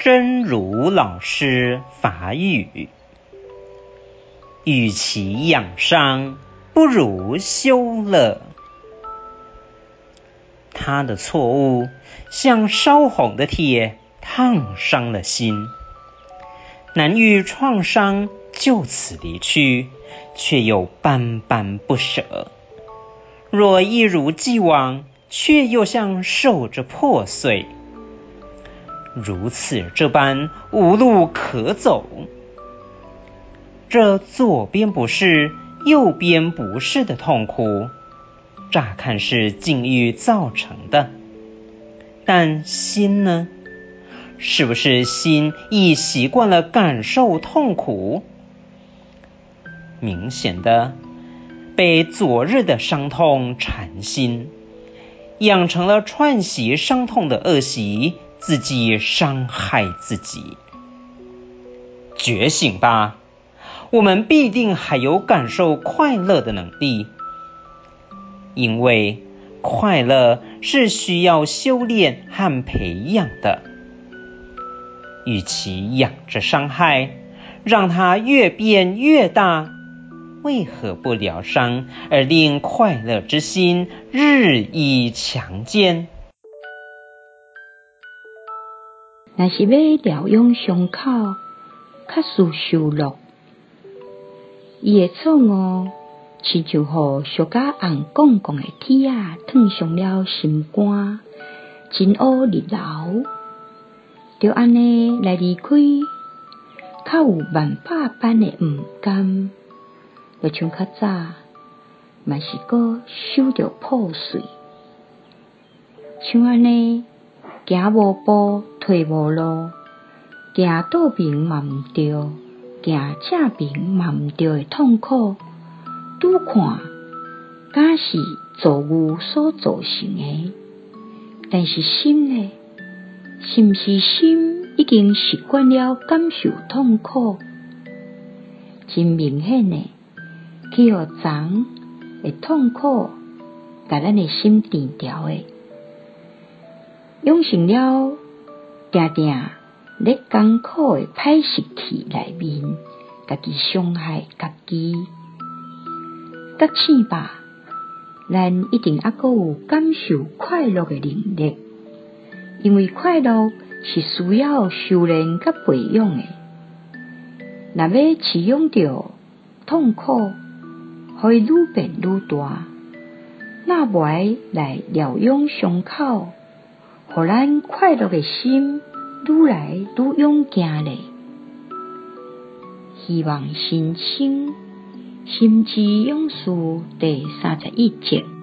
真如老師法語，與其養傷，不如修樂。他的錯誤像燒紅的鐵，燙傷了心。難癒創傷就此離去，卻又般般不捨。若一如既往，卻又像守着破碎。如此這般，無路可走，這左邊不是，右邊不是的痛苦，乍看是境遇造成的，但心呢？是不是心已習慣了感受痛苦？明顯地，被昨日的傷痛纏心，養成了串習傷痛的惡習。自己傷害自己，覺醒吧！我們必定還有感受快樂的能力，因為快樂是需要修鍊和培養的。與其養着傷害，讓它越變越大，為何不療傷，而令快樂之心日益強健？若是要療養傷口，較輸修樂。伊個錯誤，親像，小家紅紅個鐵啊，燙傷了心肝，真惡日老，著安尼來離開，較有萬把般的毋甘，若像較早嘛，是閣守着破碎，像安尼，行無步。退無路，行左邊蠻毋對，行正邊蠻毋對的痛苦，拄看，敢是造物所造成的，但是心呢？是毋是心已經習慣了感受痛苦？真明顯的，去互昨的痛苦，把咱的心定調的，養成了。定定咧艱苦誒歹習氣內面，家己傷害家己，得去吧！咱一定抑閣有感受快樂誒能力，因為快樂是需要修煉甲培養誒。若要飼養着痛苦，會愈變愈大，那袂來療養傷口。讓我們快樂的心，越來越勇敢。希望．新生心之勇士第三十一節。